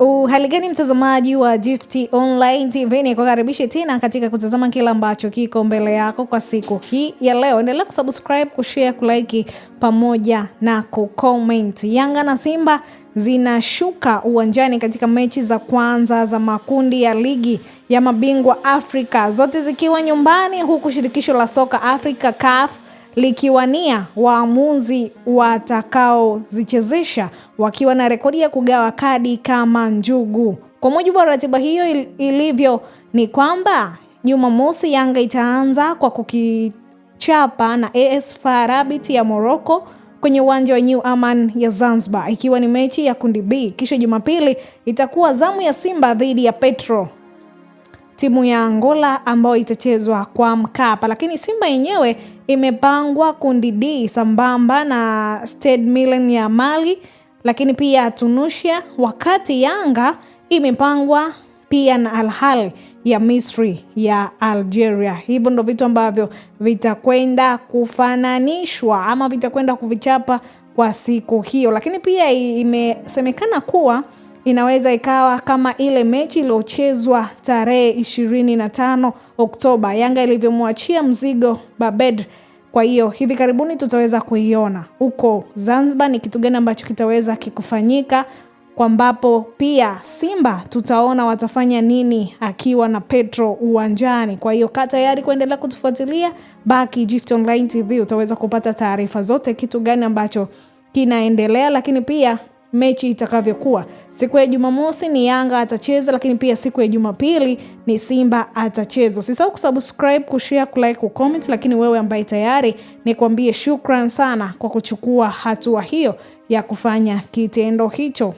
Uhali gani mtazamaji wa Gift Online TV, ni kukaribisha tena katika kutazama kile ambacho kiko mbele yako kwa siku hii ya leo. Endelea kusubscribe, kushare, kulike pamoja na kucomment. Yanga na Simba zinashuka uwanjani katika mechi za kwanza za makundi ya ligi ya mabingwa Afrika, zote zikiwa nyumbani, huku shirikisho la soka Afrika CAF likiwania waamuzi watakaozichezesha wakiwa na rekodi ya kugawa kadi kama njugu. Kwa mujibu wa ratiba hiyo il, ilivyo ni kwamba Jumamosi Yanga itaanza kwa kukichapa na AS FAR ya Morocco kwenye uwanja wa New Aman ya Zanzibar ikiwa ni mechi ya kundi B. Kisha Jumapili itakuwa zamu ya Simba dhidi ya Petro timu ya Angola ambayo itachezwa kwa Mkapa, lakini Simba yenyewe imepangwa kundi D sambamba na Stade Milan ya Mali, lakini pia Tunisia, wakati Yanga imepangwa pia na Al Ahly ya Misri ya Algeria. Hivyo ndo vitu ambavyo vitakwenda kufananishwa ama vitakwenda kuvichapa kwa siku hiyo, lakini pia imesemekana kuwa inaweza ikawa kama ile mechi iliyochezwa tarehe 25 Oktoba, Yanga ilivyomwachia mzigo Babed. Kwa hiyo hivi karibuni tutaweza kuiona huko Zanzibar ni kitu gani ambacho kitaweza kikufanyika, kwa ambapo pia Simba tutaona watafanya nini akiwa na Petro uwanjani. Kwa hiyo kaa tayari kuendelea kutufuatilia, baki Gift Online TV, utaweza kupata taarifa zote, kitu gani ambacho kinaendelea, lakini pia mechi itakavyokuwa. Siku ya Jumamosi ni Yanga atacheza, lakini pia siku ya Jumapili ni Simba atacheza. Usisahau kusubscribe, kushare, kulike, kucomment. Lakini wewe ambaye tayari, nikwambie shukran sana kwa kuchukua hatua hiyo ya kufanya kitendo hicho.